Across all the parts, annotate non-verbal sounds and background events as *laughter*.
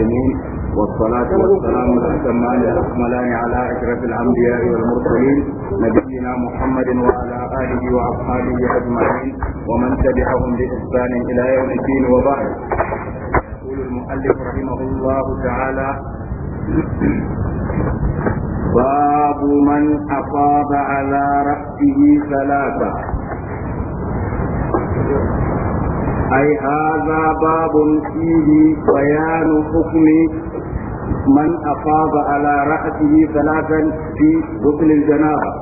الظالمين والصلاة والسلام الأتمان الأكملان على أشرف الأنبياء والمرسلين نبينا محمد وعلى آله وأصحابه أجمعين ومن تبعهم بإحسان إلى يوم الدين وبعد يقول المؤلف رحمه الله تعالى باب من أصاب على رأسه ثلاثة أي هذا باب فيه بيان حكم من أفاض على رأسه ثلاثا في ركن الجنابة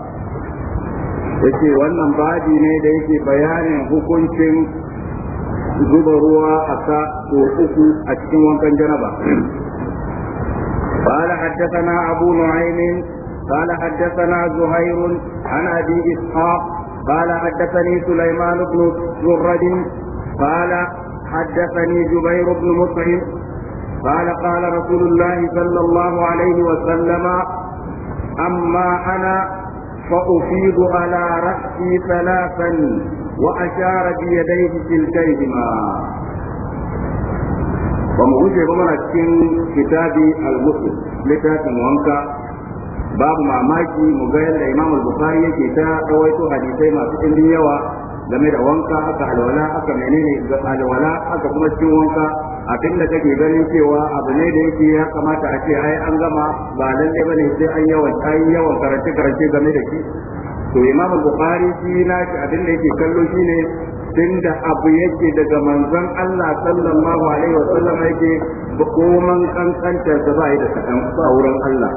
yake wannan baji ne da yake bayanin hukuncin zuba ruwa a sa ko uku a cikin wankan janaba qala haddathana abu nu'aym qala haddathana zuhair an abi ishaq qala haddathani sulaiman ibn zurrad قال حدثني جبير بن مطعم قال قال رسول الله صلى الله عليه وسلم أما أنا فأفيض على رأسي ثلاثا وأشار بيديه كلتيهما ومغوشي بمنا كتاب المسلم لتاك مهمك باب ما ماجي مغير الإمام البخاري كتاب yake حديثي ما في اندي ɗimbin game da wanka aka alwala aka menene alwala aka kuma cikin wanka a abin da kake ganin cewa abu ne da yake ya kamata a ce ai an gama ba lalle bane sai an yawan yawan karance karance game da shi to imamu bukhari shi na shi abin da yake kallo shine da abu yake daga manzon Allah sallallahu alaihi wa sallam yake koman kankantar da bai da kadan ba wurin Allah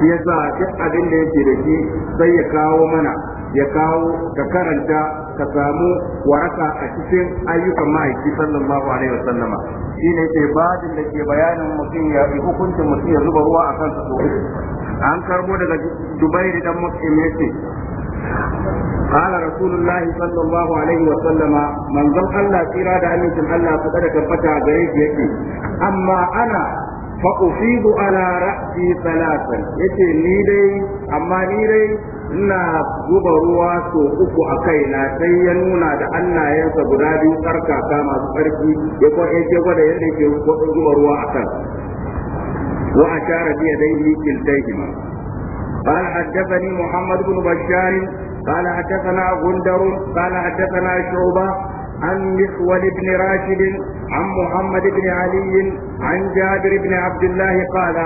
shi yasa duk abin da yake da shi sai ya kawo mana ya kawo ka karanta ka samu waraka a cikin ayyukan ma'aiki sallallahu alaihi wasallama shi ne ke babin da ke bayanin mutum ya yi hukuncin mutum ya zuba ruwa a kansa so an karbo daga dubai da dan muslim ce قال رسول الله صلى الله عليه وسلم من ذم الله تيرا أن يتم الله فقد كبتا جريك يكي أما أنا فأفيد على رأسي ثلاثا يتي نيدي أما نيدي ina zuba ruwa so uku a kaina sai ya nuna da hannayensa guda biyu tsarkaka masu sarki, ya kuma ya gwada yadda ke zuba ruwa a kan wa ashara bi yadayhi kiltayhima قال حدثني محمد بن بشار قال حدثنا غندر قال حدثنا شعبة عن محول بن راشد عن محمد بن علي عن جابر بن عبد الله قال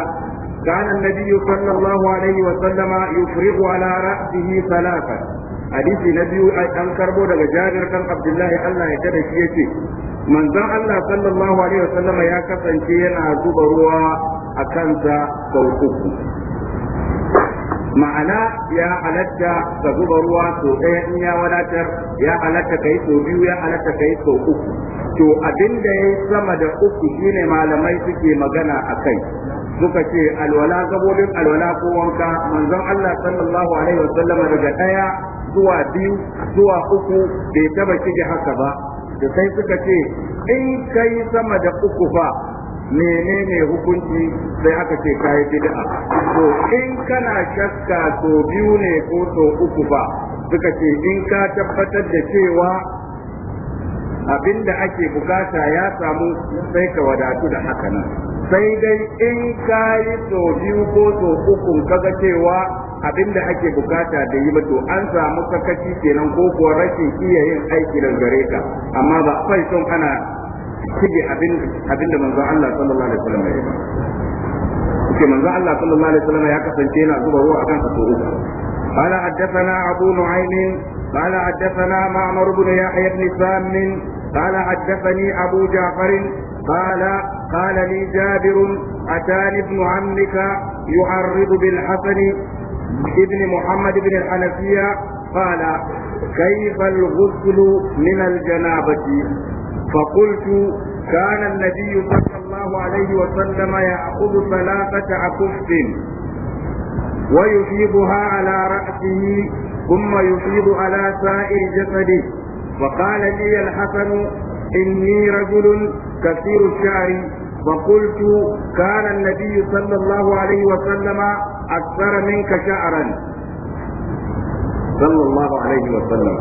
كان النبي صلى الله عليه وسلم يفرغ على رأسه ثلاثة حديث نبي أن كربو دغ جابر كان عبد الله الله يتدى شيء manzon Allah sallallahu alaihi wasallam ya kasance yana zuba ruwa a kansa sau uku ma'ana ya halatta ka zuba ruwa sau ɗaya in ya wadatar ya halatta kai sau biyu ya halatta kai sau uku to abin da ya sama da uku shine malamai suke magana a kai suka ce alwala gabobin alwala ko wanka manzon Allah sallallahu alaihi wasallama daga daya zuwa biyu zuwa uku bai taba shige haka ba da sai suka ce in kai sama da uku fa menene hukunci sai aka ce kai bid'a to in kana shakka to biyu ne ko to uku fa suka ce in ka tabbatar da cewa abinda ake bukata ya samu sai ka wadatu da haka nan sai dai in ka yi so biyu ko so uku kaga cewa abin da ake bukata da yi to an samu sakaci kenan ko kuwa rashin iya yin aiki da gare ka amma ba kai son ana shige abin da manzo Allah sallallahu alaihi wasallam ya yi ce manzo Allah sallallahu alaihi wasallam ya kasance yana zuba ruwa akan kaso uku قال حدثنا أبو نعيم قال حدثنا معمر بن يحيى بن سام قال حدثني أبو جعفر قال قال لي جابر أتاني ابن عمك يعرض بالحسن ابن محمد بن الحنفية قال كيف الغسل من الجنابة فقلت كان النبي صلى الله عليه وسلم يأخذ ثلاثة أكف ويفيضها على رأسه ثم يفيض على سائر جسده فقال لي الحسن إني رجل كثير الشعر فقلت كان النبي صلى الله عليه وسلم أكثر منك شعرا صلى الله عليه وسلم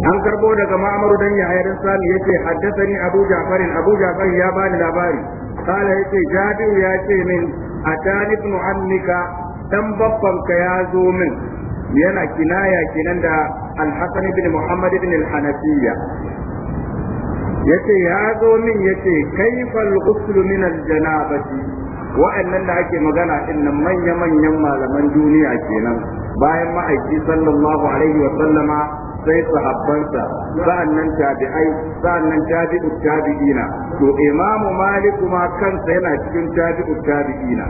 an karbo daga ma'amaru dan ya dan sani yace haddasani abu ja'far abu ja'far ya bani labari kala ce jabiru ya ce min a ibn ammika dan babban ka ya zo min yana kinaya kinan da Alhassan ibn muhammad ibn al-hanafiyya yace ya zo min yace kaifal uslu min aljanabati wa'annan da ake magana din nan manya manyan malaman duniya kenan bayan ma'aiki sallallahu alaihi wa sallama sai sahabbansa sa'annan tabi'ai sa'annan tabi'u tabi'ina to imamu malik ma kansa yana cikin tabi'u tabi'ina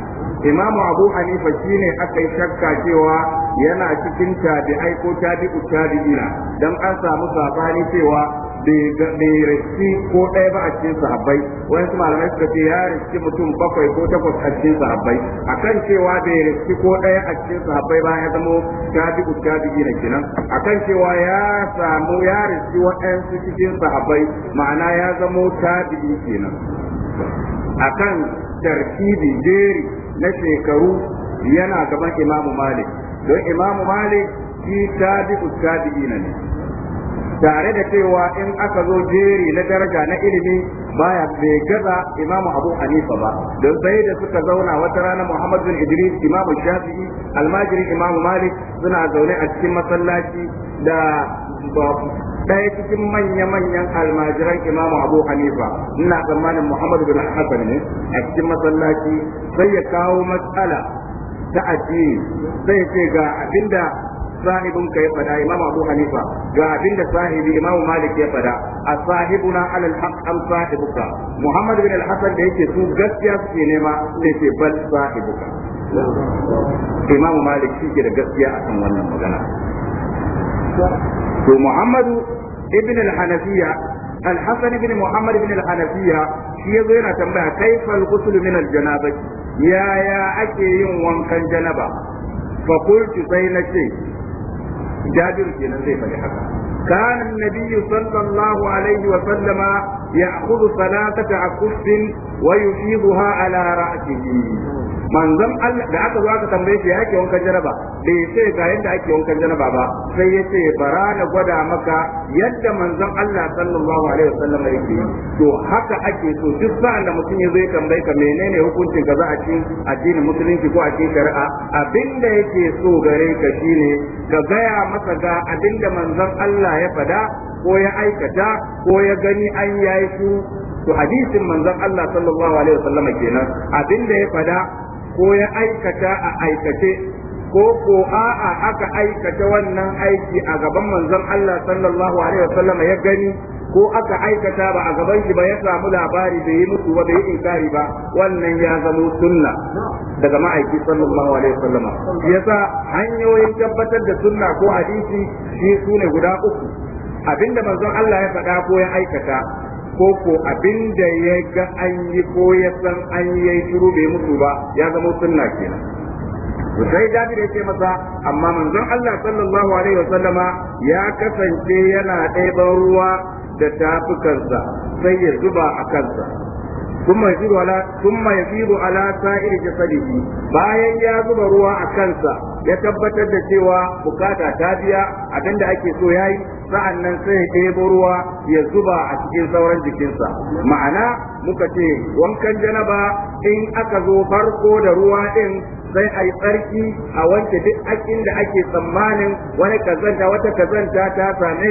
imamu abu hanifa shine aka yi shakka cewa yana cikin tabi'ai ko tabi'u tabi'ina dan an samu sabani cewa bai riski ko ɗaya ba a cikin sahabbai wani su malamai suka ce ya riski mutum bakwai ko takwas a cikin sahabbai kan cewa bai riski ko ɗaya a cikin sahabbai ba ya zamo tabi'u tabi'i na kenan kan cewa ya samu ya riski waɗansu cikin sahabbai ma'ana ya zamo tabi'i kenan akan tarkibi jeri na shekaru yana gaban imamu malik don imamu malik shi tabi'u tabi'i ne tare da cewa in aka zo jeri na daraja na ilimi baya bai gaza imamu abu hanifa ba don sai da suka zauna wata rana muhammad bin idris imamu shafi'i almajirin imamu malik suna zaune a cikin masallaci da ɗaya cikin manya-manyan almajiran imamu abu hanifa ina tsammanin muhammad bin hassan ne a cikin masallaci sai ya kawo matsala ta addini sai ce ga abinda sahibun ka ya fada imam abu hanifa ga abin da sahibi imam malik ya fada a sahibuna Alal alhaq am sahibuka muhammad bin al-hasan da yake su gaskiya suke nema sai ce bal sahibuka imam malik shi da gaskiya a kan wannan magana to muhammadu ibn al-hanafiya الحسن بن محمد بن الحنفية al زينا تنبه كيف الغسل ya الجنابة يا يا أكي يوم fa جنبا sai na ce. jabir kenan zai faɗi haka كان النبي صلى الله عليه وسلم يأخذ ثلاثة أكف ويفيضها على رأسه manzon Allah da aka zo aka tambaye shi yake wankan janaba bai ce ga yadda ake wankan janaba ba sai ya ce bara na gwada maka yadda manzon Allah sallallahu alaihi wasallam yake to haka ake so duk sa'an da mutum ya zo ya tambaye ka menene hukuncin ka za a cikin addinin musulunci ko a cikin shari'a abinda yake so gare ka shine ka gaya masa ga abinda manzon Allah ya fada ko ya aikata ko ya gani an yayi su to hadisin manzon Allah sallallahu alaihi wasallam kenan abinda ya fada ko ya aikata a aikace ko ko a'a aka aikata wannan aiki a gaban manzon Allah sallallahu alaihi wasallam ya gani ko aka aikata ba a gaban shi ba ya samu labari bai yi mutu ba bai yi inkari ba wannan ya zamo sunna daga ma'aiki sallallahu alaihi wasallam yasa hanyoyin tabbatar da sunna ko hadisi shi sune guda uku abinda manzon Allah ya faɗa ko ya aikata ko ko abin da ya ga an yi ko ya san an yi shiru bai mutu ba ya zama sunna kenan to sai Jabir yake masa amma manzon Allah sallallahu alaihi wasallama ya kasance yana ɗaiban ruwa da tafukansa sai ya zuba a kansa ثم يفيض على ثم يفيض على سائر جسده bayan ya zuba ruwa a kansa ya tabbatar da cewa bukata ta biya abinda ake so yayi sa'annan sai ya ɗebo ruwa ya zuba a cikin sauran jikinsa ma'ana muka ce wankan janaba in aka zo farko da ruwa ɗin sai a yi tsarki a wanke duk akin da ake tsammanin wani kazanta wata kazanta ta same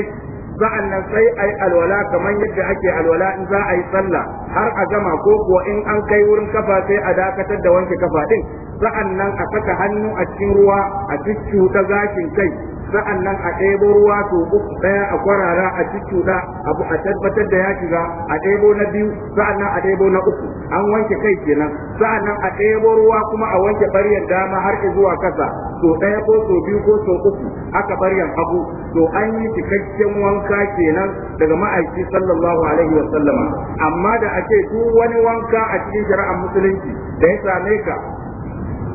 sa'annan sai a yi alwala kamar yadda ake alwala in za a yi sallah har a gama ko kuwa in an kai wurin kafa sai a dakatar da wanke kafa ɗin sa'annan a saka hannu a cikin ruwa a cuta zafin kai sa'annan a ɗebo ruwa to uku ɗaya a kwarara a cuta abu a tabbatar da ya shiga a ɗebo na biyu sa'annan a ɗebo na uku an wanke kai kenan sa'annan a ɗebo ruwa kuma a wanke ɓaryar dama har zuwa kasa to ɗaya ko so biyu ko so uku aka ɓaryar abu to an yi cikakken wanka kenan daga ma'aiki sallallahu alaihi wa sallama amma da ake duk wani wanka a cikin shari'ar musulunci da ya same ka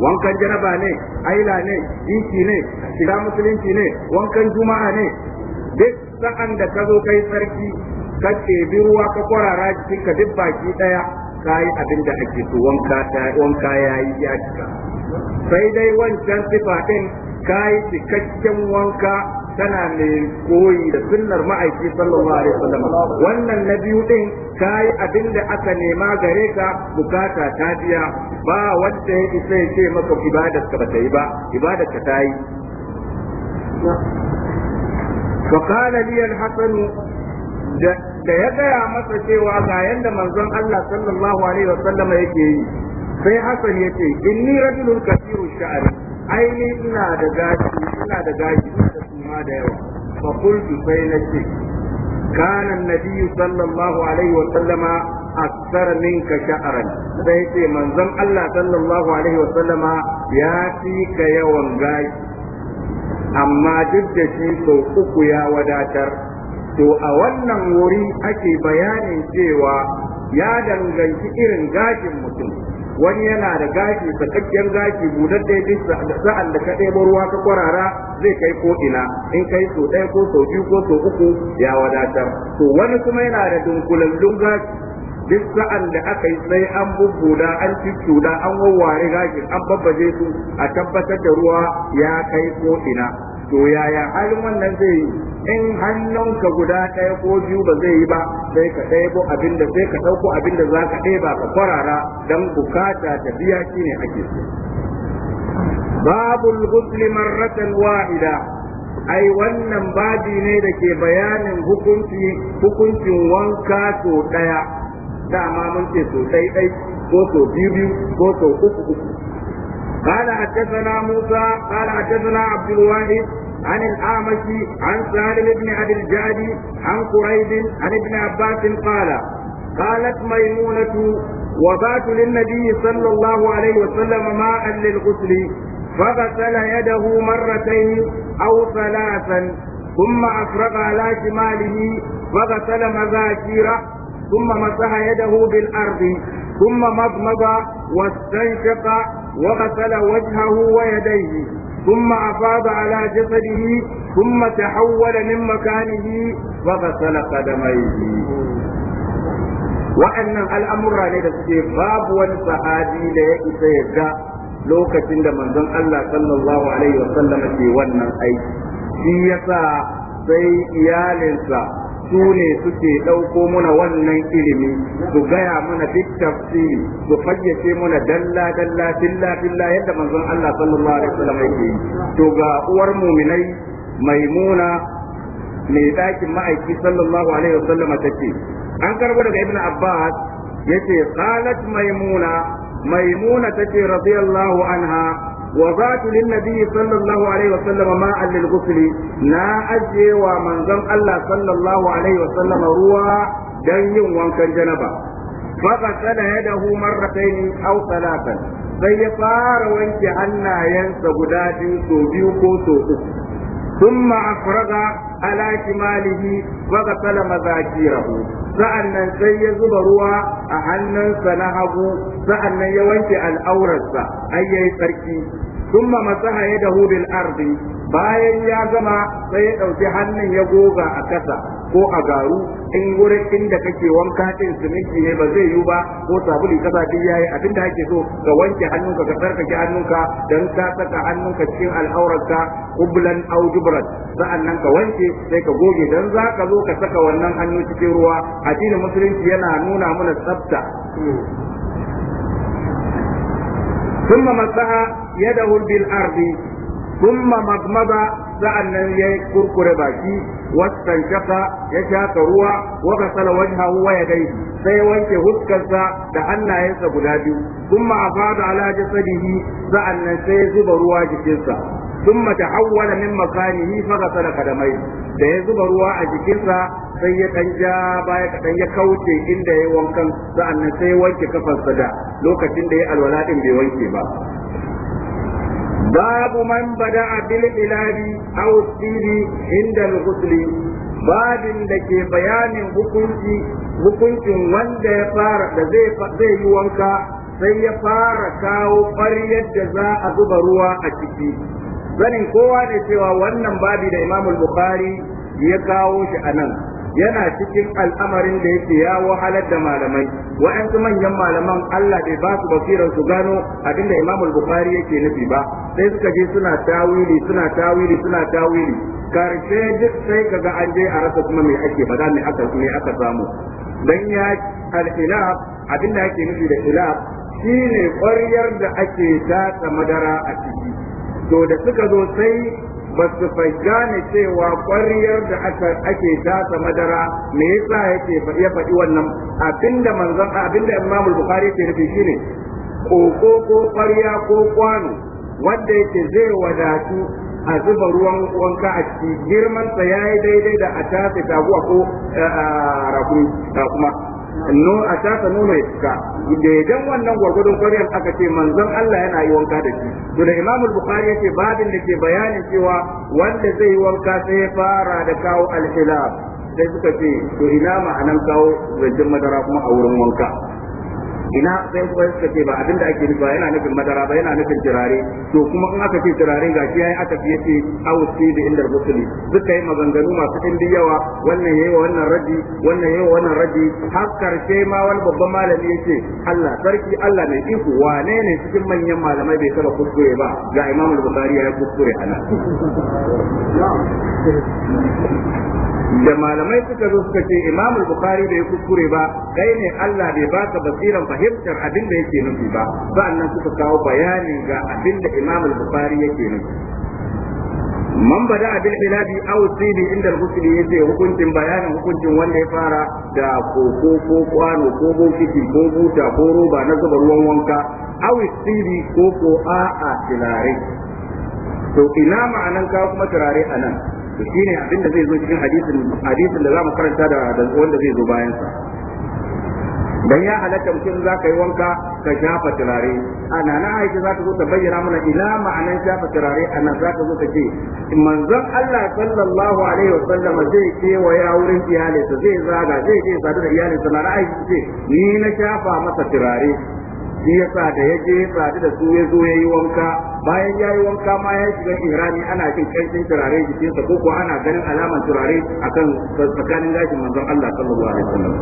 wankan janaba ne aila ne dinki ne shiga musulunci ne wankan juma'a ne duk sa'an da ka zo kai sarki ka ɗebi ruwa ka kwarara cikin ka duk baki ɗaya ka yi abin da ake so wanka ya yi ya cika sai dai wancan sifa ɗin kai cikakken wanka tana mai koyi da sunnar ma'aiki sallallahu alaihi wasallam wannan na biyu din kai abin da aka nema gare ka bukata ta biya ba wanda ya isa ya ce maka ibadar ka bata yi ba ibadar ka ta yi فقال لي الحسن da ya gaya masa cewa ga yanda manzon Allah sallallahu alaihi wasallam yake yi sai Hassan yake inni rajulun kathirush sha'ri aini ina da gashi ina da gashi ina da suma da yawa fa qultu sai nace kana annabi sallallahu alaihi wa sallama akthar minka sha'ran sai ce manzon Allah sallallahu alaihi wa sallama ya fi ka yawan gashi amma duk da shi sau uku ya wadatar to a wannan wuri ake bayanin cewa ya danganci irin gashin mutum wani yana da gashi sakakken gashi budadde duk sa'an da ka ɗebo ruwa ka kwarara zai kai ko ina in kai so ɗaya ko so biyu ko so uku ya wadatar to wani kuma yana da dunkulallun gashi duk sa'an da aka yi sai an bubbuda an cuccuda an wawware gashin an babbaje su a tabbatar da ruwa ya kai ko ina to yaya halin wannan zai yi in hannunka guda ɗaya ko biyu ba zai yi ba sai ka ɗebo abin da sai ka ɗauko abin da za ka ɗeba ka kwarara don bukata ta biya shine ake so babul ghusli marratan wa'ida ai wannan babi ne da ke bayanin hukunci hukuncin wanka so ɗaya dama mun ce so ɗai ɗai ko so biyu biyu ko so uku uku قال حدثنا موسى قال حدثنا عبد الواحد عن الأعمش عن سالم بن أبي الجعد عن قريب عن ابن عباس قال قالت ميمونة وبات للنبي صلى الله عليه وسلم ماء للغسل فغسل يده مرتين أو ثلاثا ثم أفرغ على شماله فغسل مذاكيره ثم مسح يده بالأرض ثم مضمض واستنشق وغسل وجهه ويديه ثم أفاض على جسده ثم تحول من مكانه وغسل قدميه wa'annan al'amurra ne da suke babu wani da ya isa yadda lokacin da manzon Allah sallallahu Alaihi wasallam ke wannan aiki shi yasa sai iyalinsa su ne suke ɗauko muna wannan ilimi su gaya muna duk tafsiri su fayyace muna dalla dalla filla filla yadda manzon Allah sallallahu alaihi wasallam yake to ga uwar muminai maimuna mai ɗakin ma'aiki sallallahu alaihi wasallam tace an karbo daga ibnu abbas yace qalat maimuna maimuna tace radiyallahu anha وضعت للنبي صلى الله عليه وسلم ماء للغسل نا أجي ومنزم الله صلى الله عليه وسلم روى دين وانكا جنبا فغسل يده مرتين أو ثلاثا فيفار وانك أنا ينسى قداد سو بيو كو سو ثم أفرغ ala shimalihi wa ghasala mazakirahu sa'annan sai ya zuba ruwa a hannunsa na hagu sa'annan ya wanke al'aurarsa ai yayi sarki Tun masaha yadahu bil ardi bayan ya gama sai ya ɗauki hannun ya goga a ƙasa. ko a garu in wurin inda kake wanka din miki ne ba zai yiwu ba ko sabulu kasa din yayi abin da ake so ka wanke hannunka ka ki hannunka dan ka saka hannunka cikin al'aurarka qublan aw jubran sa'annan ka wanke sai ka goge dan za ka zo ka saka wannan hannu cikin ruwa addinin musulunci yana nuna mana tsafta ثم مسح يده بالأرض thumma magmada sa'annan ya kurkure baki wastanshaka ya shaka ruwa wa gasala wajhahu wa yadayhi sai wanke huskarsa da hannayensa guda biyu thumma afada ala jasadihi sa'annan sai ya zuba ruwa jikinsa ثم تحول من مكانه فغسل kadamai da ya zuba ruwa a jikinsa sai ya dan ja baya kadan ya kauce inda ya wankan sa'annan sai ya wanke kafarsa da lokacin da ya alwala din bai wanke ba باب من بدأ بالعلاج أو السير عند الغسل babin da ke bayanin hukunci hukuncin wanda ya fara da zai yi wanka sai ya fara kawo ƙwaryar da za a zuba ruwa a ciki zanin kowa ne cewa wannan babi da imamul bukhari ya kawo shi a nan yana cikin al'amarin da yake ya wahalar da malamai wa'ansu manyan malaman Allah bai ba su basirar su gano abin da Imam Bukhari yake nufi ba sai suka je suna tawili suna tawili suna tawili karshe duk sai kaga an je a rasa kuma me ake ba me aka me aka samu dan ya al ilaf abin da yake nufi da ilaf shine ƙwaryar da ake tatsa madara a ciki to da suka zo sai ba su gane cewa ƙwariyar da ake tasa madara me yasa yake ya faɗi wannan abinda manzon abinda Imam Bukhari ke nufi shine koko ko ƙwariya ko kwano wanda yake zai wadatu a zuba ruwan wanka a ciki girman sa yayi daidai da a tasa taguwa ko eh, kuma no a taka nono ya cika da idan wannan gwargwadon kwaryar aka ce manzon Allah yana yi wanka da shi to da Imam Bukhari yake babin da ke bayanin cewa wanda zai yi wanka sai ya fara da kawo al sai suka ce to ina ma'anan kawo zancen madara kuma a wurin wanka ina sai kuma suka ce ba abin da ake nufi yana nufin madara ba yana nufin turare to kuma in aka ce turare ga shi yayi aka fiye ce awusi da indar musulmi suka yi maganganu masu indi yawa wannan yayi wannan raji wannan yayi wannan raji har karshe ma wani babban malami yace Allah sarki Allah mai iko wane ne cikin manyan malamai bai saba kuskure ba ga al Bukhari ya kuskure ana *laughs* da malamai suka zo suka ce Imam Bukhari bai kuskure ba kai ne Allah bai baka basiran fahimtar abin da yake nufi ba sannan suka kawo bayani ga abin da Imam Bukhari yake nufi man bada abin au sidi inda al-husli yace hukuncin bayanin hukuncin wanda ya fara da koko ko kwano ko bokiti ko buta ko roba na zuba ruwan wanka au sidi ko ko a a tilare to ina ma'anan ka kuma turare anan to shine zai zo cikin hadisin da za mu karanta da wanda zai zo bayansa. dan ya halatta mutum za ka yi wanka ka shafa turare A na aiki za ta zo ta bayyana mana ina ma'anan shafa turare A nan za ka zo ta ce manzon Allah sallallahu alaihi wa sallama zai ya wurin iyalinsa zai zaga zai je sadu da iyalinsa na ra'ayi ce ni na shafa masa turare shi yasa da ya je ya sadu da su ya zo ya yi wanka bayan ya yi wanka ma ya shiga ihrami ana jin kanshin turare jikinsa ko ko ana ganin alaman turare akan tsakanin gashin manzon Allah sallallahu alaihi wasallam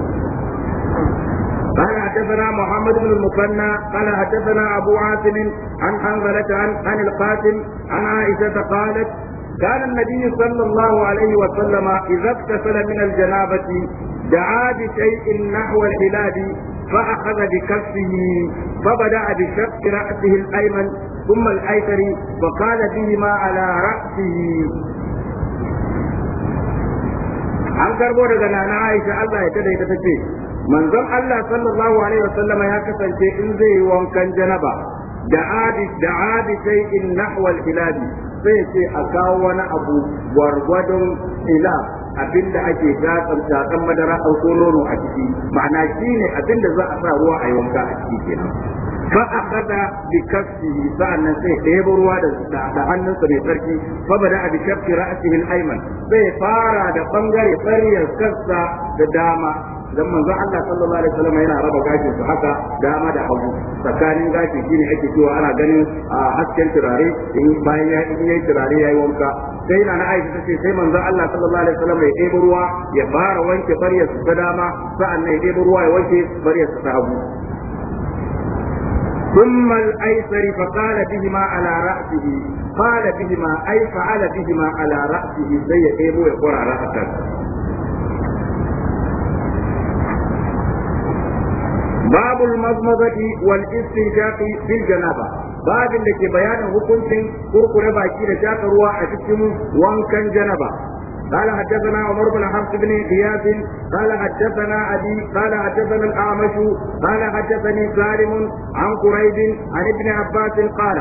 قال حدثنا محمد بن المثنى قال حدثنا ابو عاصم عن حنظلة عن عن القاسم عن عائشة قالت كان النبي صلى الله عليه وسلم إذا اغتسل من الجنابة دعا بشيء نحو الحلاب فأخذ بكفه فبدأ بشق رأسه الأيمن ثم الأيسر وقال بهما على رأسه an karbo daga nana Aisha Allah ya tada ita tace manzon Allah sallallahu alaihi wasallam ya kasance in zai yi wankan janaba da adi da adi sai in nahwa al sai ce a kawo wani abu gwargwadon ila abinda ake gatsan madara a nono a ciki ma'ana shi ne abinda za a sa ruwa a yawanka a ciki kenan fa kada bi kaffihi sa'annan sai ɗebo ruwa da da hannunsa mai sarki fa bada bi kaffi ra'sihi al sai fara da bangare tsariyar kansa da dama dan manzon Allah sallallahu alaihi wasallam yana raba gashin su haka dama da hagu tsakanin gashi shine ake cewa ana ganin a hasken turare in bayan ya yi yayi turare yayi wanka sai na Aisha tace sai manzon Allah sallallahu alaihi wasallam ya a ruwa ya fara wanke bariyar su ta dama sa'annan ya ɗebo ruwa ya wanke bariyar su ta hagu ثم الأيسر فقال بهما على رأسه قال بهما أي فعل بهما على رأسه زي إيبو يقول على رأسه باب المضمضة والاستنشاق في الجنابة باب اللي كي بيان حكمتين كركر باكي da shaka ruwa a cikin wankan جنابة قال حدثنا عمر بن حفص بن قياس قال حدثنا أبي قال حدثنا الأعمش قال حدثني سالم عن قريب عن ابن عباس قال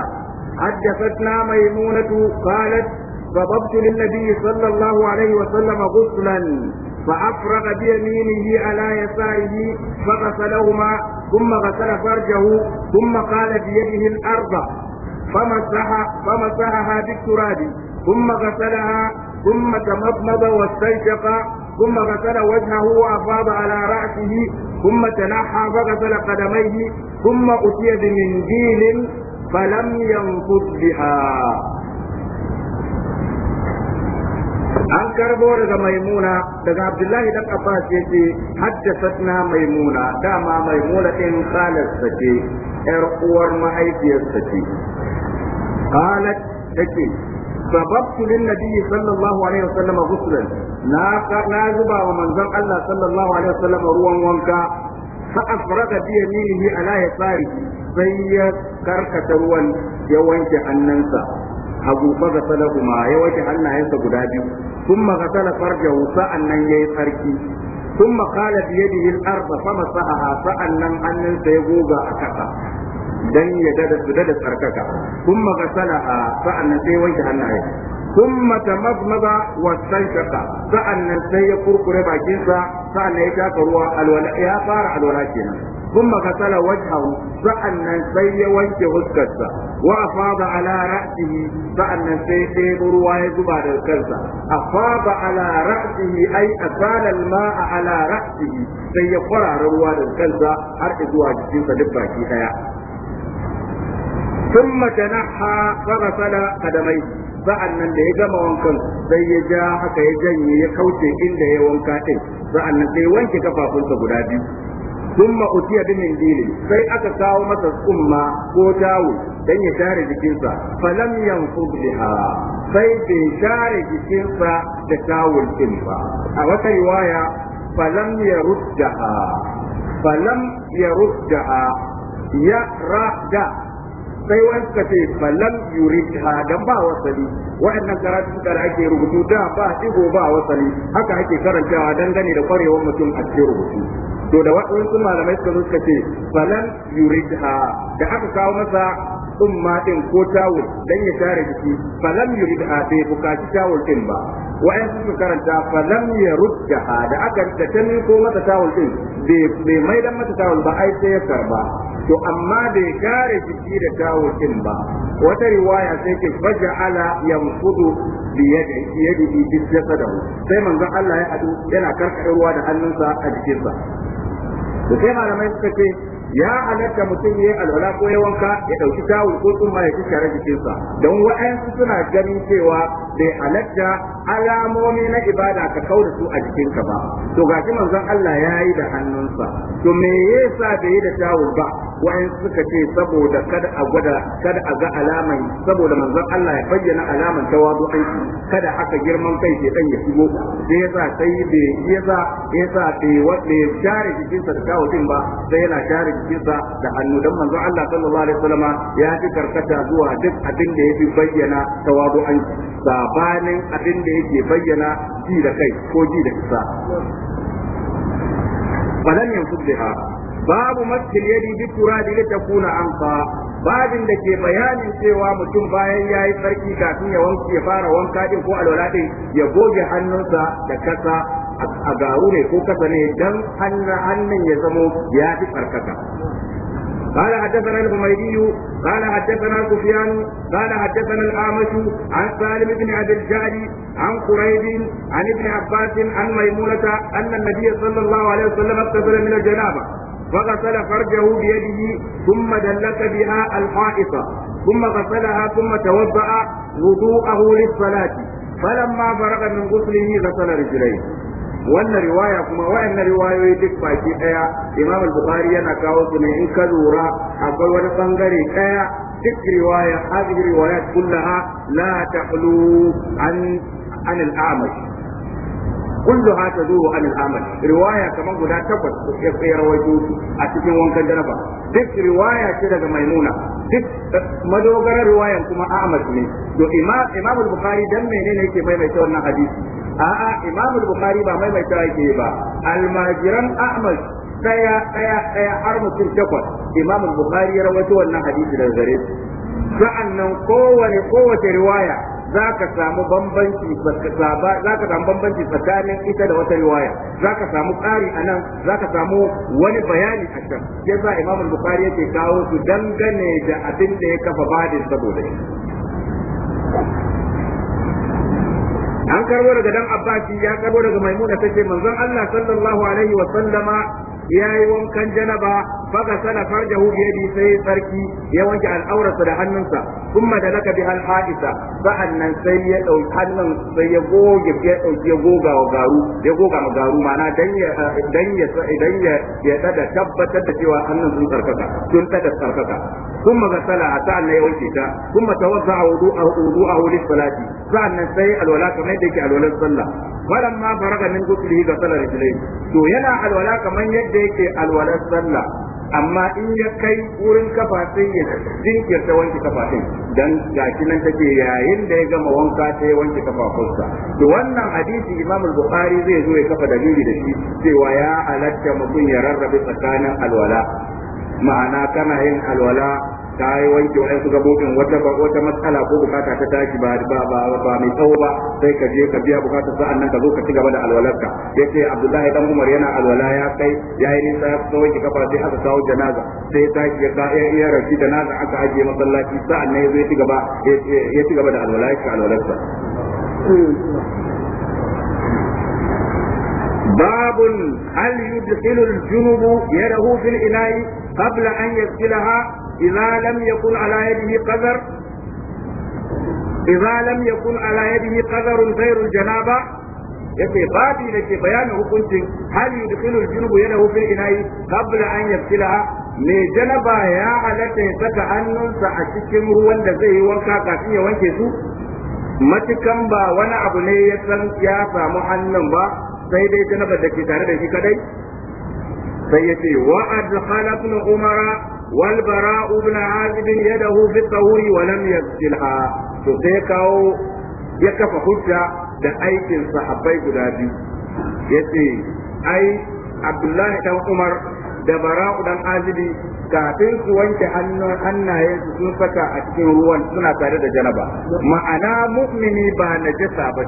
حدثتنا ميمونة قالت فضبت للنبي صلى الله عليه وسلم غسلا فأفرغ بيمينه على يساره فغسلهما ثم غسل فرجه ثم قال بيده الأرض فمسح فمسحها بالتراب ثم غسلها ثم تمضمض واستنشق ثم غسل وجهه وأفاض على رأسه ثم تنحى فغسل قدميه ثم أتي بمنديل فلم ينفض بها an karbo daga maimuna daga abdullahi dan abbas yace haddathatna maimuna dama maimuna din khalas take yar uwar mahaifiyar take qalat take sababtu lin nabiy sallallahu alaihi wasallam ghuslan na na zuba wa manzon Allah sallallahu alaihi wasallam ruwan wanka fa afrada bi yaminihi ala yasari sai ya karkata ruwan ya wanke hannunsa hagu fa gasala kuma ya wanke hannayensa guda biyu thumma gasala farjahu sa'annan yayi tsarki thumma qala bi yadihi arba ard fa masaha sa'annan hannunsa ya goga a kasa dan ya dada su dada tsarkaka sun thumma gasala sa'annan sai wanke hannaye ثم تمضمض واستنشق sa'annan sai ya kurkure bakinsa sa'annan ya taka ruwa alwala ya fara alwala kenan ثم غسل وجهه فأن سي وجه هسكسا وأفاض على رأسه فأن سي برواية زبار الكسا أفاض على رأسه أي أسال الماء على رأسه سي قرار رواد الكسا أرئز واجبين فدبا كيها ثم تنحى فغسل قدميه sa'an nan da ya gama wankan sai ya ja haka ya janye ya kauce inda ya wanka ɗin sa'an sai wanke kafafunsa guda biyu thumma utiya bi min dilin sai aka kawo masa tsumma ko tawul dan ya share jikinsa falam yanfud biha sai bai share jikinsa da tawul ɗin ba a wata riwaya falam yaruddaha falam ya rada sai wani suka ce yuri ha dan ba wasali wa'annan karatu da ake rubutu da ba digo ba wasali haka ake karantawa dangane da kwarewar mutum a cikin rubutu to da waɗansu malamai suka zo suka ce falam ha da aka kawo masa umma din ko tawul dan ya share jiki falam da bai bukaci tawul din ba wa'an suka karanta falam yaruddaha da aka da ta ko mata tawul din bai mai dan mata tawul ba ai sai ya karba to amma bai kare jiki da gawakin ba wata riwaya sai ke baja ala yankudu biyadihi bisjasadahu sai manzon Allah ya adu yana karkare ruwa da hannunsa a jikinsa to sai malamai suka ce ya halatta mutum ya alwala ko ya wanka ya dauki tawul ko tsumma ya kishare jikinsa don wa'ansu suna ganin cewa bai halatta alamomi na ibada ka kau da su a jikinka ba to gashi manzon Allah ya yi da hannunsa to me yasa bai yi da tawul ba wayan suka ce saboda kada a gwada kada a ga alaman saboda manzon Allah ya bayyana alaman tawadu aiki kada aka girman kai ke dan ya shigo sai yasa sai bai yasa yasa bai wanda ya share jikinsa da tawul din ba sai yana share jikinsa da hannu dan manzon Allah sallallahu alaihi wasallama ya fi karkata zuwa duk abin da ya fi bayyana tawadu aiki sabanin abin ne yake bayyana ji da kai ko ji da kisa falan yanfud biha babu maskil yadi bi turadi na anfa babin da ke bayanin cewa mutum bayan ya yi tsarki kafin ya wanke fara wanka din ko alwala din ya goge hannunsa da kasa a garu ne ko kasa ne dan hannun ya zamo ya fi tsarkaka قال حدثنا الحميدي قال حدثنا سفيان قال حدثنا الأعمش عن سالم بن أبي الجعد عن قريب عن ابن عباس عن ميمونة أن النبي صلى الله عليه وسلم اغتسل من الجنابة فغسل فرجه بيده ثم دلك بها الحائط ثم غسلها ثم توضأ وضوءه للصلاة فلما فرغ من غسله غسل رجليه wannan riwaya kuma wayannan riwayoyi duk baki daya imam al-bukhari yana kawo su ne in ka lura akwai wani bangare daya duk riwaya hadhihi riwayat kullaha la taqlu an an al-amash كلها تدور عن العمل رواية كما قلت تبت يرويتو أتكين وانكا جنبا دك رواية كده ميمونة دك مدوغر رواية كما أعمل al إمام, إمام البخاري دم bai يكي ميمة شورنا حديث a'a Imam Bukhari ba maimaita yake ba almajiran Ahmad daya daya daya har mutum takwas Imam Bukhari ya rawaito wannan hadisi da gare shi sa'annan kowane kowace riwaya za ka samu bambanci zaka ka samu bambanci tsakanin ita da wata riwaya za ka samu ƙari a nan za ka samu wani bayani a can yasa imam bukhari yake kawo su dangane da abin da ya kafa badin saboda shi an karbo daga dan abbasi ya karbo daga maimuna tace manzon Allah sallallahu alaihi wa sallama yayi wankan janaba faga sana farjahu bi yadi sai sarki ya wanke al'aurarsa da hannunsa kuma da laka bi al-hadisa sa'annan sai ya dauki hannun sai ya goge ya dauki ya goga wa garu ya goga ma garu mana dan ya dan ya dan ya ya tada tabbatar da cewa hannun sun sarkaka sun tada sarkaka kuma ga sala sa'annan ya wanke ta kuma a wudu a lis-salati sa'annan sai alwala kamar da yake alwalar sallah ma faraga min ghuslihi ga salar rijlai to yana alwala kamar yadda yake alwalar sallah amma in ya kai wurin kafafin ya jinkirta wanke kafafin dan gashi nan take yayin da ya gama wanka ta ya wanke kafafunsa to wannan hadisi Imam Bukhari zai zo ya kafa dalili da shi cewa ya alatta mutum ya rarrabe tsakanin alwala ma'ana kana yin alwala ta yi wanke wa'ansu gabobin wata wata matsala ko bukata ta tashi ba ba ba mai tsawo ba sai ka je ka biya bukatar sa'an nan ka zo ka ci gaba da alwalarka yace Abdullahi dan Umar yana alwala ya kai ya yi nisa ya fito wanke kafa sai aka kawo janaza sai ta ya ka iya rashi janaza aka aje masallaci sa'an nan ya ci gaba ya ci gaba da alwala ya ci alwalarsa باب هل يدخل الجنوب يده في الإناء قبل أن يغسلها إذا لم يكن على يده قدر إذا لم يكن على يده قدر غير الجنابة yace babi da ke bayanin hukuncin hal yudkhilu junubu yadahu fil ina'i qabla an yabtilaha me janaba ya halatta ya saka hannunsa a cikin ruwan da zai yi wanka kafin ya wanke su matukan ba wani abu ne ya san ya samu hannun ba sai dai janabar da tare da shi kadai sai yace wa adkhala umara والبراء بن عازب يده في الطهور ولم يغسلها تسيكاو يكف حجة da a bai guda biyu yace ai Abdullahi dan Umar da Bara'u dan Azibi kafin su wanke hannaye su sun saka a cikin ruwan suna tare da janaba ma'ana mu'mini ba najasa ba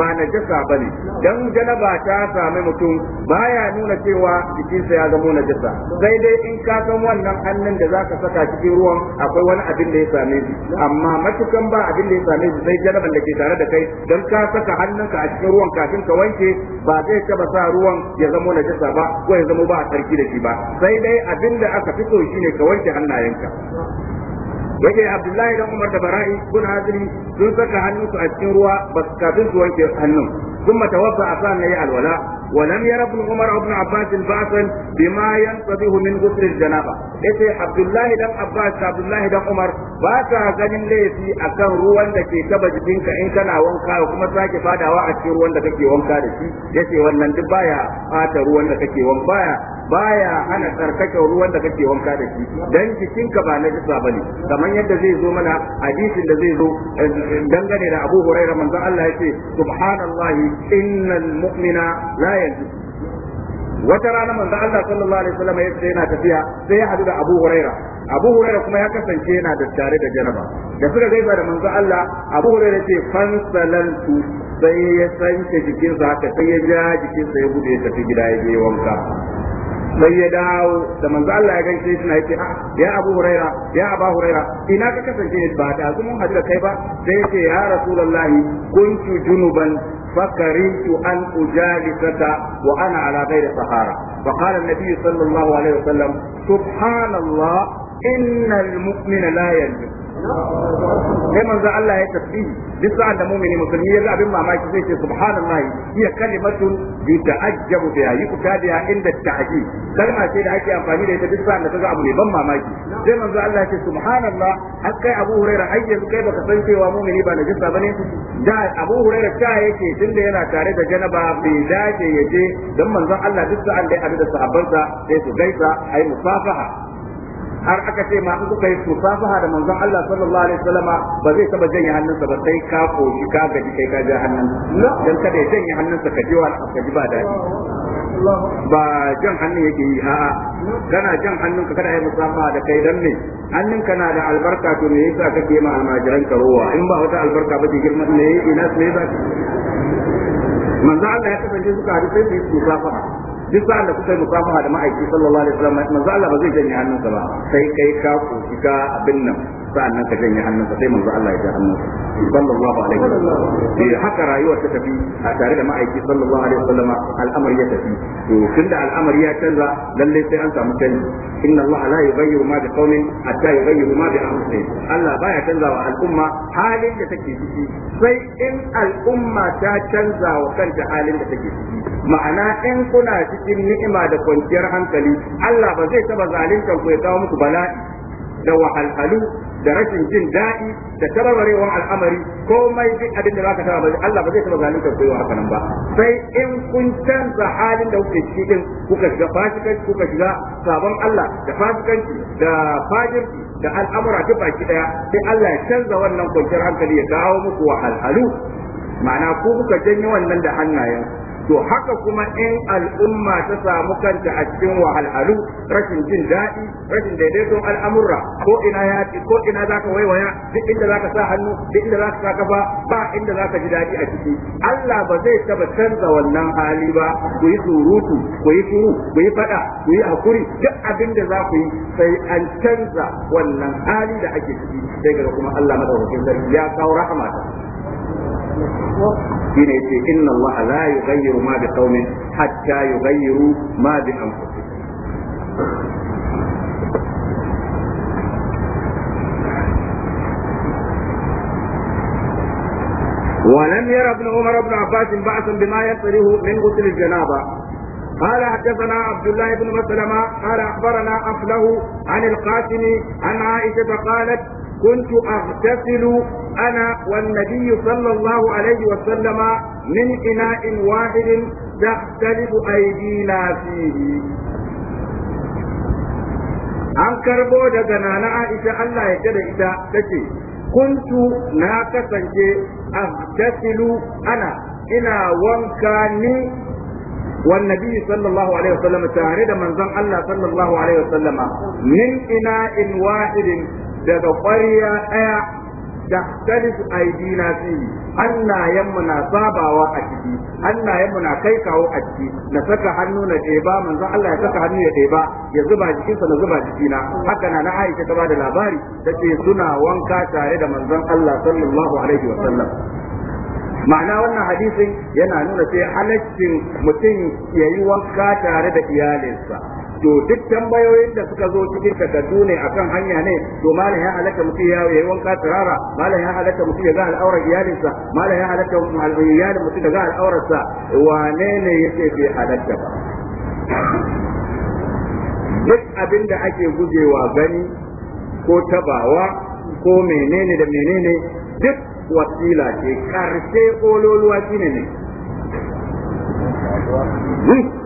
ba ne ne dan janaba ta sami mutum baya nuna cewa jikinsa ya zama jasa sai dai in ka san wannan hannun da zaka saka cikin ruwan akwai wani abin da ya same shi amma matukan ba abin da ya same shi sai janaban da ke tare da kai don ka saka hannunka a cikin ruwan kafin ka wanke ba zai taba sa ruwan ya zama jasa ba ko ya zama ba a sarki da shi ba sai dai abin da aka fito kawai shine ka wanke hannayenka yake Abdullahi dan Umar da Bara'i kun hadiri sun saka hannunsu a cikin ruwa ba su kafin su wanke hannun kuma tawaffa a sa yi alwala ولم ير ابن عمر وابن عباس باسا بما ينتبه من غسل الجنابه yace Abdullahi dan Abbas Abdullahi dan Umar ba ka ganin laifi akan ruwan da ke taba jikinka in kana wanka kuma sake fadawa a cikin ruwan da kake wanka da shi yace wannan duk baya fata ruwan da kake wanka baya hana tsarkake ruwan da kake wanka da shi dan jikinka ba na jisa bane kamar yadda zai zo mana hadisin da zai zo dangane da Abu Hurairah manzon Allah yace subhanallahi innal mu'mina yanzu wata rana manzo Allah sallallahu alaihi wasallam ya ce yana tafiya sai ya hadu da Abu Huraira Abu Huraira kuma ya kasance yana da tare da janaba da suka gaiba da manzo Allah Abu Huraira ce salantu sai ya sanke jikinsa haka sai ya ja jikinsa ya bude ya tafi gida ya je wanka bai ya dawo da manzo Allah ya gaishe shi na yake ah, ya Abu Huraira ya Abu Huraira ina ka kasance ne ba ta kuma hadda kai ba sai yake ya Rasulullah kuntu junuban fakarintu an ujalisata wa ana ala ghairi sahara fa qala an-nabi sallallahu alaihi wasallam subhanallah inna al-mu'mina la yanjuru sai manzo Allah ya tasbihi duk sa'an da mu'mini musulmi ya abin mamaki zai ce subhanallahi hiya kalimatun yuta'ajjabu biha yukadiya inda ta'ji kalma ce da ake amfani da ita duk sa'an da kaga abu ne ban mamaki sai manzo Allah ya ce subhanallah har kai Abu Hurairah ai yanzu kai baka san cewa mu'mini ba najisa bane da Abu Hurairah ta yake tunda yana tare da janaba bai dace yaje dan manzo Allah duk sa'an da ya da sahabbansa sai su gaisa ai musafaha har aka ce ma in kuka yi safaha da manzon Allah sallallahu alaihi wasallama ba zai taba janye hannunsa ba sai ka koshi ka gaji kai ka ja hannun dan kada ya janye hannunsa ka ji wa ka ji ba dadi ba jan hannun yake yi a'a kana jan hannun ka kada ya musafa da kai dan ne ka na da albarka to me yasa kake ma almajiran ka ruwa, in ba wata albarka ba ke girman ne ina sai ba manzon Allah ya kasance suka hadu sai su safaha duk sa'an da kuka yi musafaha da ma'aiki sallallahu alaihi wasallam manzo Allah ba zai janye hannunsa ba sai kai ka koki ka abin nan sa'annan ka janye hannunsa sai manzo Allah ya ja hannunsa sallallahu alaihi wasallam sai eh, haka rayuwar ta tafi a tare da ma'aiki sallallahu alaihi wasallam al'amari ya tafi to tunda al'amari ya canza lalle sai an samu canji inna Allah la yughayyiru ma bi qaumin hatta yughayyiru ma bi anfusihim Allah baya canza wa al'umma halin da take ciki sai in al'umma ta canza wa kanta halin da take ciki ma'ana in kuna ciki cikin ni'ima da kwanciyar hankali Allah ba zai taba zaluntar ku ya kawo muku bala'i da wahalhalu da rashin jin daɗi da tarabarewar al'amari komai duk abin da zaka taba ba Allah ba zai taba zaluntar ku haka nan ba sai in kun canza halin da kuke ciki din kuka shiga fasikanci kuka shiga sabon Allah da fasikanci da fajirci da al'amura duk baki daya sai Allah ya canza wannan kwanciyar hankali ya kawo muku wahalhalu ma'ana ku kuka janyo wannan da hannayen to haka kuma in al'umma ta samu kanta a cikin wahalhalu rashin jin daɗi rashin daidaiton al'amurra ko ina ya ko ina zaka waiwaya duk inda zaka sa hannu duk inda zaka sa kafa ba inda zaka ji daɗi a ciki Allah ba zai taba canza wannan hali ba ku yi surutu ku yi kuyi ku yi fada ku yi hakuri duk abin da za ku yi sai an canza wannan hali da ake ciki sai ga kuma Allah madaukakin sarki ya kawo rahama shine yace inna allaha la yughayyiru ma bi qaumin hatta yughayyiru ma bi ولم ير ابن عمر بن عباس بعثا بما يقتله من غسل الجنابه قال حدثنا عبد الله بن مسلمة قال أخبرنا أفله عن القاسم عن عائشة قالت Kuntu أغتسل أنا والنبي صلى الله عليه an karbo daga na na aisha Allah ya da ita kace kuntu na kasance a ana ina wanka ni tare da manzon Allah sallallahu daga ƙwariya ɗaya da tarif aidina fi hannayenmu na sabawa a ciki hannayenmu na kai kawo a ciki na saka hannu na ɗeba manzon Allah ya saka hannu ya ɗeba ya zuba jikinsa na zuba jikina haka na na aiki ta da labari ta tace suna wanka tare da manzon Allah sallallahu alaihi wa sallam ma'ana wannan hadisin yana nuna sai halaccin mutum ya yi wanka tare da iyalinsa to duk tambayoyin da suka zo cikin takardu ne akan hanya ne to malam ya halatta mutum ya yi wanka tsirara malam ya halatta mutum ya ga al'aurar iyalinsa malam ya halatta iyalin mutum ya ga al'aurarsa wane ne yake bai halatta ba duk abin da ake gujewa gani ko tabawa ko menene da menene duk wasila ce karshe ololuwa shine ne hmm.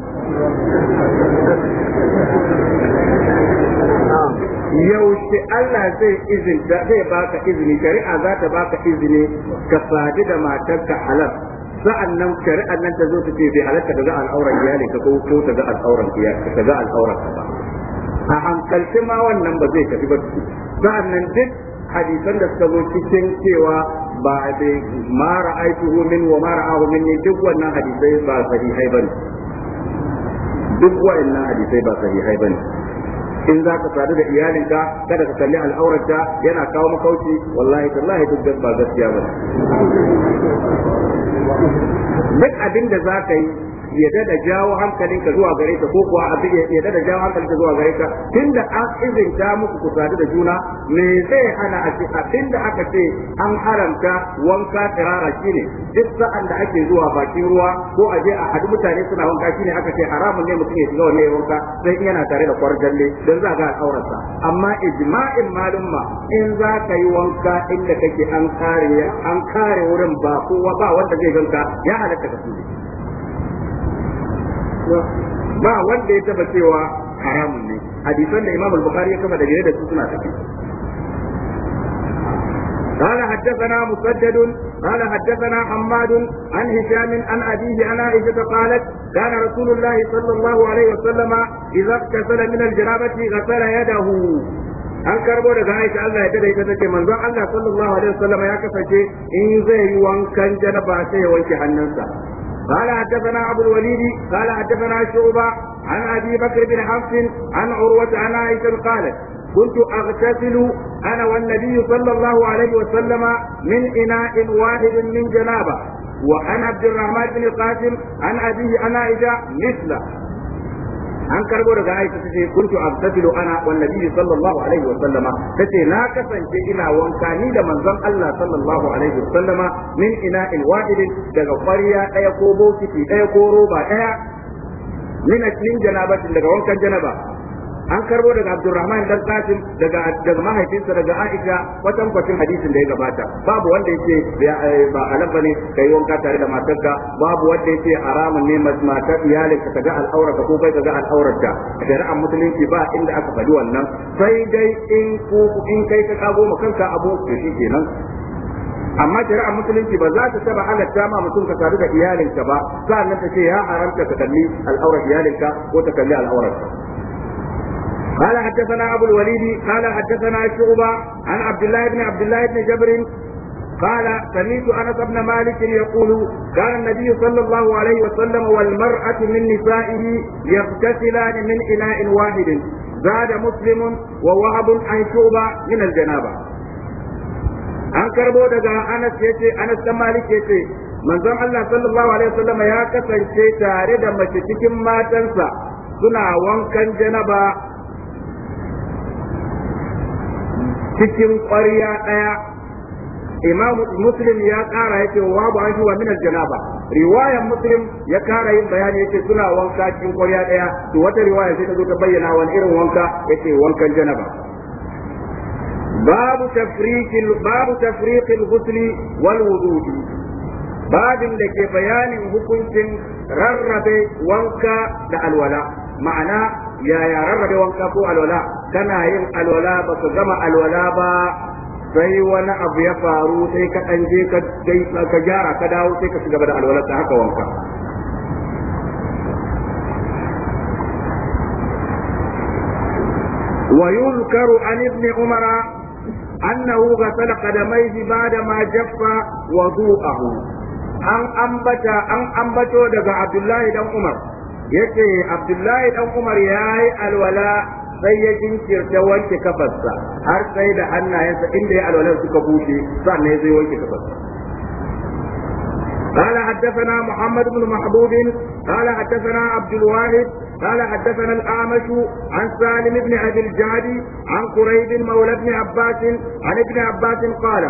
yaushe Allah zai izinta zai baka izini shari'a za ta baka izini ka sadu da matarka halal sa'an nan shari'a nan ta zo ta ce bai halatta daga al'auran iyali ka ko ko ta ga al'auran iyali ta ga al'auran ka ba a hankalci ma wannan ba zai tafi ba su. sa'an nan duk hadisan da suka zo cikin cewa ba da mara ra'aituhu min wa mara ahu min duk wannan hadisai ba sahihai ne. duk wa'annan hadisai ba sahihai bane in za ka sadu da iyalinka kada ka kalli al'aurarta yana kawo makauci wallahi tallahi duk dan ba gaskiya ba duk abin da za ka yi ya dada jawo hankalinka zuwa gare ka ko kuwa abin ya dada jawo hankalinka zuwa gare ka da an ta muku ku sadu da juna me zai hana a ce aka ce an haramta wanka tsirara ne duk sa'an da ake zuwa bakin ruwa ko a je a hadu mutane suna wanka shi ne aka ce haramun ne mutum ya shiga wannan ya wanka sai in yana tare da kwarjalle don za ga al'aurarsa amma ijma'in malumma in za ka yi wanka inda kake an kare wurin ba kowa ba wanda zai ganka ya halatta ka su ba wanda ya taba cewa haramun ne hadisan da Imam al-Bukhari ya kafa da gare da su suna tafi قال حدثنا مسدد قال حدثنا حماد عن هشام عن أبيه عن عائشة قالت كان رسول الله صلى الله عليه وسلم إذا اغتسل من الجنابة غسل يده an karbo daga Aisha Allah ya tada ita take manzo Allah sallallahu alaihi wasallam ya kasance in zai yi wankan janaba sai ya wanke hannunsa قال حدثنا أبو الوليد قال حدثنا شعبة عن أبي بكر بن حفص عن عروة عن عائشة قالت كنت أغتسل أنا والنبي صلى الله عليه وسلم من إناء واحد من جنابة وعن عبد الرحمن بن القاسم عن أبيه عن عائشة مثله an karbo daga Aisha tace kuntu abtadilu ana wa nabi sallallahu alaihi wa sallama tace na kasance ina wanka ni da manzon Allah sallallahu alaihi wa sallama min ina ina'il wahid daga ƙwarya ɗaya ko bokiti ɗaya ko roba ɗaya min min janabatin daga wankan janaba an karbo daga Abdurrahman dan Qasim daga daga mahaifinsa daga Aisha watan kwatin hadisin da ya gabata babu wanda yake eh, ba halal bane kai wanka tare da matarka babu wanda yake haramun ne mata iyalinka kaga al'aurarka ko kai kaga ta shari'ar musulunci ba inda aka faɗi wannan sai dai in ko in kai ka kago ma kanka abu da shi kenan amma shari'ar musulunci ba za ta taba ta ma mutum ka sadu da iyalinka ba nan ta ce ya haramta ka kalli al'aurar iyalinka ko ta kalli al'aurarka قال حدثنا أبو الوليد قال حدثنا شعبة عن عبد الله بن عبد الله بن جبر قال سمعت أنس بن مالك يقول كان النبي صلى الله عليه وسلم والمرأة من نسائه يغتسلان من إناء واحد زاد مسلم ووهب عن شعبة من الجنابة an karbo daga Anas yace Anas dan Malik yace manzon Allah sallallahu alaihi wasallam ya kasance tare da mace cikin matansa suna wankan janaba cikin ƙwarya ɗaya imamu muslim ya ƙara yake wa ba shi wa jana janaba riwayan muslim ya ƙara yin bayani yake suna wanka cikin ƙwarya ɗaya to wata riwaya sai ta zo ta bayyana wani irin wanka yake wankan janaba babu babu Tafrikin ghusli wal wudu babin da ke bayanin hukuncin rarrabe wanka da alwala ma'ana yaya rarrabe wanka ko alwala kana yin alwala baka gama alwala ba sai wani abu ya faru sai ka dan je ka gyara ka dawo sai ka shiga da alwala ta haka wanka ويذكر عن ابن عمر أنه غسل قدميه بعدما جف وضوءه an ambata an ambato daga Abdullahi dan Umar yake Abdullahi dan Umar yayi alwala sai ya jinkirta wanke kafarsa har sai da hannayensa inda ya alwalar suka bushe sannan ya zai wanke kafarsa قال حدثنا محمد بن محبوب قال حدثنا عبد الواحد قال حدثنا الأعمش عن سالم بن أبي الجعد عن قريب مولى بن عباس عن ابن عباس قال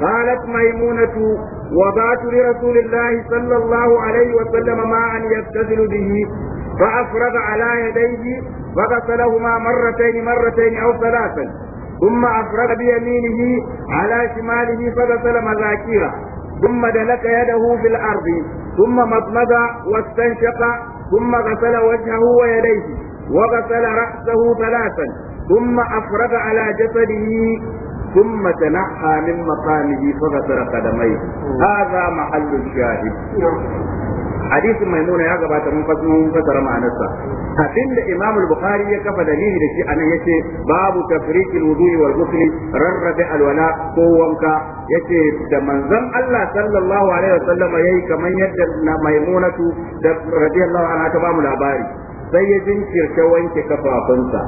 قالت ميمونة وبعث لرسول الله صلى الله عليه وسلم ماء يغتسل به فأفرغ على يديه فغسلهما مرتين مرتين أو ثلاثا ثم أفرغ بيمينه على شماله فغسل مذاكيره ثم دلك يده في الأرض ثم مضمض واستنشق ثم غسل وجهه ويديه وغسل رأسه ثلاثا ثم أفرغ على جسده ثم تنحى من مقامه فغسل قدميه هذا محل الشاهد hadisin maimuna ya gabata mun fasu mun fasara ma'anarsa abinda imam al-bukhari ya kafa dalili da shi anan yace babu tafriqil wudu'i wal ghusl rarrabe alwana ko wanka yace da manzon Allah sallallahu alaihi wasallam yayi kaman yadda maimunatu da radiyallahu anha ta bamu labari sai ya jinkirta wanke kafafunsa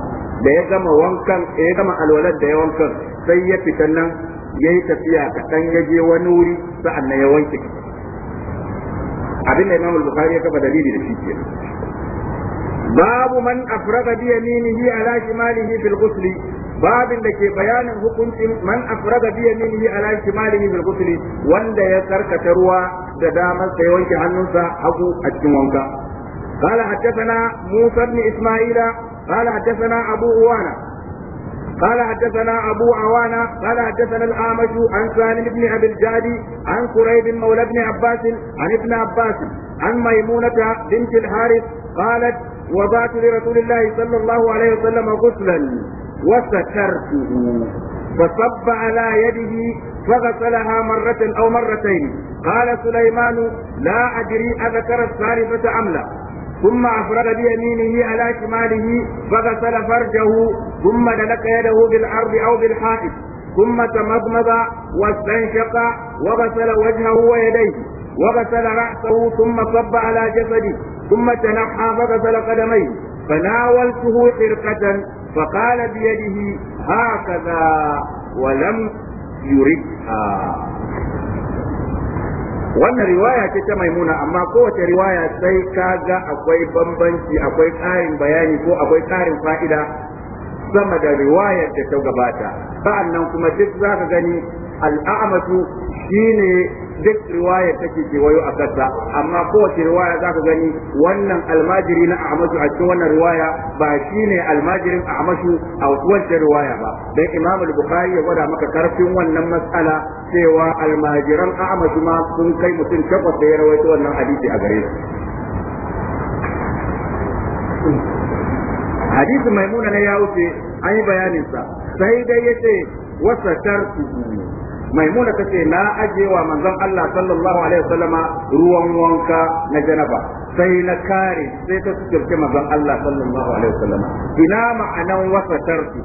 da ya gama wankan ya gama alwalar da ya wankan sai ya fita nan ya yi tafiya kaɗan ya je wani wuri sa'an nan ya wanke abin da imamul bukhari ya kafa dalili da shi ke babu man afraga bi yaminihi ala shimalihi fil ghusli babin da ke bayanin hukuncin man afraga bi yaminihi ala shimalihi fil ghusli wanda ya karkata ruwa da damar sai wanke hannunsa hagu a cikin wanka قال حدثنا موسى بن إسماعيل قال حدثنا أبو أوانا قال حدثنا أبو عوانة قال حدثنا الأعمش عن سالم بن أبي الجادي عن قريب مولى بن عباس عن ابن عباس عن ميمونة بنت الحارث قالت وضعت لرسول الله صلى الله عليه وسلم غسلا وسترته فصب على يده فغسلها مرة أو مرتين قال سليمان لا أدري أذكر الثالثة أم لا ثم أفرد بيمينه على شماله فغسل فرجه ثم دلك يده بالأرض أو بالحائط ثم تمضمض واستنشق وغسل وجهه ويديه وغسل رأسه ثم صب على جسده ثم تنحى فغسل قدميه فناولته حرقة فقال بيده هكذا ولم يردها wannan riwaya ce ta maimuna amma kowace riwaya sai ka ga akwai bambanci akwai ƙarin bayani ko akwai ƙarin fa'ida sama da riwayar da ta gabata nan kuma duk zaka gani al'amatu shine duk riwaya take kewayo a kasa amma kowace riwaya za ka gani wannan almajiri na ahmadu a cikin wannan riwaya ba shine almajirin ahmadu a wancan riwaya ba don imam al-bukhari ya gwada maka karfin wannan matsala cewa almajiran ahmadu ma sun kai mutum takwas da ya rawaito wannan hadisi a gare su hadisin maimuna na ya wuce an yi bayanin sa sai dai yace wasatartu maimuna tace na ajewa manzon Allah sallallahu alaihi wasallama ruwan wanka na janaba sai na kare sai ta tsirce manzon Allah sallallahu alaihi wasallama ina ma'anan wasatartu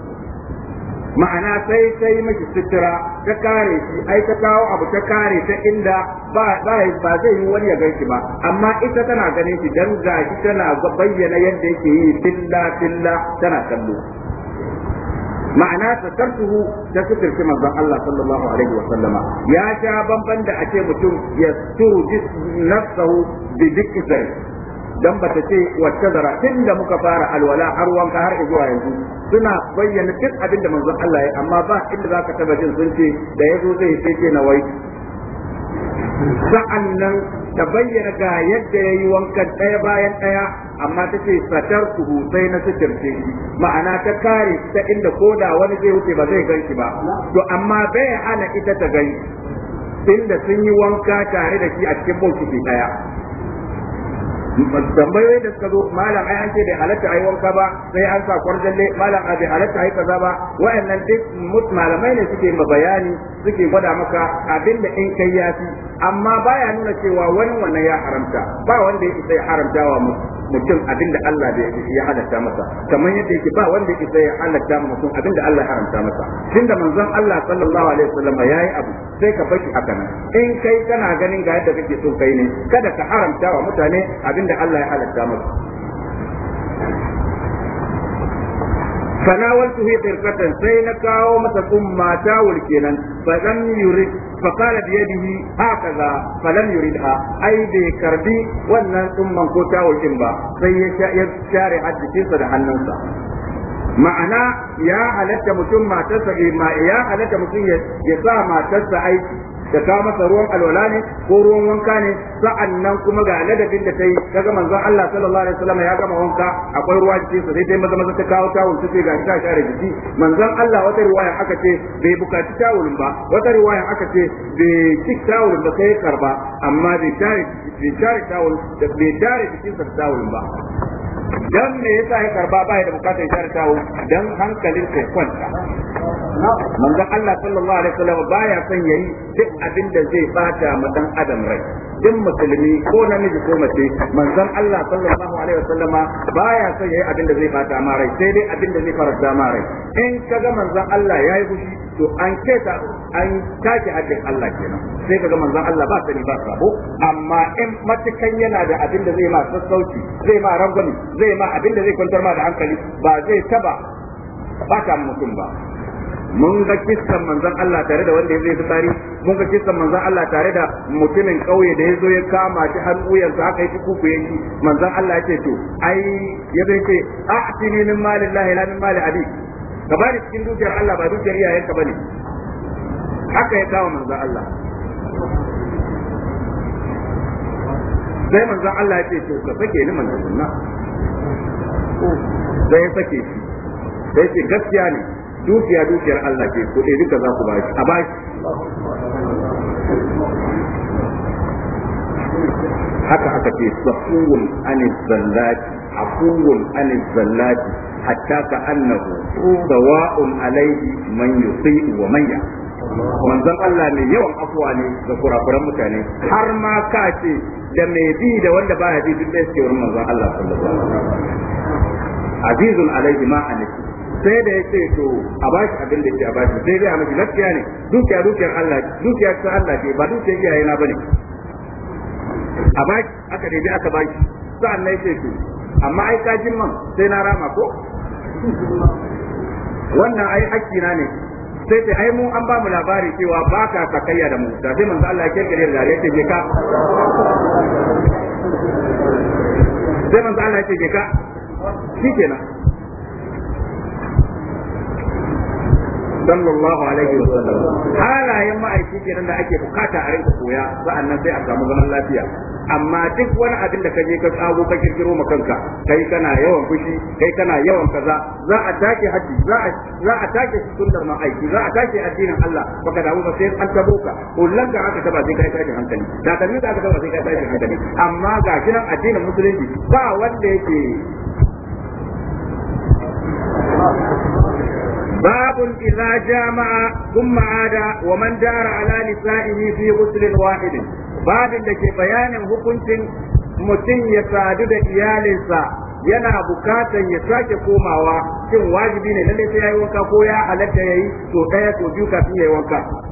ma'ana sai ta yi mashi sutura ta kare shi ai ta kawo abu ta kare ta inda ba ba zai yi wani ya ganshi ba amma ita tana ganin shi dan gashi tana bayyana yadda yake yi filla filla tana kallo ma'ana sakartuhu da suturci manzon Allah sallallahu alaihi wa sallama ya sha bamban da ake mutum ya turu nafsahu bi dikkitar dan ta ce wacce zara da muka fara alwala har wanka har zuwa yanzu suna bayyana duk abin da manzon Allah ya amma ba inda zaka taba jin sun ce da zo zai ce ce na wai sa'annan ta bayyana ga yadda yayi wankan ɗaya bayan ɗaya amma ta ce satar kuhu sai na sutirce shi ma'ana ta kare ta inda koda wani zai wuce ba zai shi ba to amma bai ana ita ta gani inda sun yi wanka tare da shi a cikin bokiti daya tambayoyi da suka zo malam ai an ce bai halatta ai wanka ba sai an sa kwarjalle malam ai bai halatta ai kaza ba wayannan duk malamai ne suke ma bayani suke gwada maka abin da in kai yafi amma baya nuna cewa wani wannan ya haramta ba wanda ya isa ya haramta wa mutum mutum abin da Allah ya halatta masa kamar yadda yake ba wanda isa ya halatta masa mutum abin da Allah ya haramta masa tunda manzon Allah sallallahu alaihi wasallam yayi abu sai ka baki haka nan in kai kana ganin ga yadda kake so kai ne kada ka haramta wa mutane abin da Allah ya halatta masa فناولته kawo masa متكم ما تاول كينا فلم يرد فقال بيده هكذا فلم يريدها أي بكربي وأن ثم كوتا والجنبا فيشارع حد جنسة حنوسا ma'ana معنى يا mutum matarsa ma ما يا mutum ya sa ما aiki da ka masa ruwan alwala ne ko ruwan wanka ne sa'annan kuma ga ladabin da ta yi kaga manzon Allah sallallahu alaihi wasallam ya gama wanka akwai ruwa cikin sa sai dai maza maza ta kawo tawul ta ce ga ta share jiki manzon Allah wata riwaya aka ce bai bukaci tawul ba wata riwaya aka ce bai ci tawulin ba sai karba amma bai share bai share tawul da bai share jikin tawul ba dan me yasa ya karba baya da bukatar shartawo dan hankalin kai kwanta manzon Allah sallallahu alaihi wasallam baya son yayi duk abin da zai bata ma dan adam rai duk musulmi ko namiji ko mace manzon Allah sallallahu alaihi wasallam baya son yayi abin da zai bata ma rai sai dai abin da zai faranta ma rai in kaga manzon Allah yayi fushi to an keta an a haƙƙin Allah kenan sai kaga manzon Allah ba sani ba sabo amma in matukan yana da abin da zai ma sassauci zai ma rangwami zai ma abin da zai kwantar ma da hankali ba zai taba ta mutum ba mun ga kissan manzon Allah tare da wanda ya zai fitari mun ga kissan manzon Allah tare da mutumin kauye da ya zo ya kama shi har uyansa aka yi kuku ya manzon Allah ya ce to ai ya zai ce a'tini min malillahi la min mali abi ka ba da cikin dukiyar Allah ba dukiyar iyayenka bane haka ya kawo manzo Allah sai manzo Allah ya ce to ka sake ni manzo sunna sai ya sake shi sai ce gaskiya ne dukiya dukiyar Allah ce ko dai duka za ku ba shi a ba shi haka aka ce sahun anil zallati عفو عن الزلات حتى كأنه سواء عليه من يطيء ومن يعصي Wanzan Allah ne yawan afuwa ne ga kurakuran mutane har ma ka ce da mai bi da wanda ba ya bi duk da yake wurin manzon Allah sallallahu alaihi wasallam azizun alaihi ma anisi sai da ya to a bashi abin da yake a bashi sai dai a miki gaskiya ne dukiya dukiyar Allah dukiya ta Allah ce ba dukiyar iyayena na bane a bashi aka dai aka bashi sa'an nan ya ce to amma ai kajin man sai na rama ko wannan ai hakki na ne sai sai ai mu an ba mu labari cewa ba ka sakayya da mu da sai manzo Allah ya kirkire da ya ce ka sai manzo Allah ya ce ka shikenan sallallahu alaihi wa sallam halayen ma'aiki kenan da ake bukata a rinka koya sa'annan sai a samu zaman lafiya amma duk wani abin da kaje ka tsago ka kirkiro ma kanka kai kana yawan fushi kai kana yawan kaza za a take haji za a za a take sunnar ma'aiki za a take addinin Allah baka damu ba sai an tabo ka kullun da aka taba sai kai tashin hankali da kan da aka taba sai kai tashin hankali amma ga shi nan addinin musulunci ba wanda yake باب إذا جامع ثم wa ومن دار على نسائه في غسل واحد باب لك بيان حكمت mutum ya sadu da iyalinsa yana bukatan ya sake komawa shin wajibi ne lalle sai yayi wanka ko ya halatta yayi sau ɗaya to biyu kafin yayi wanka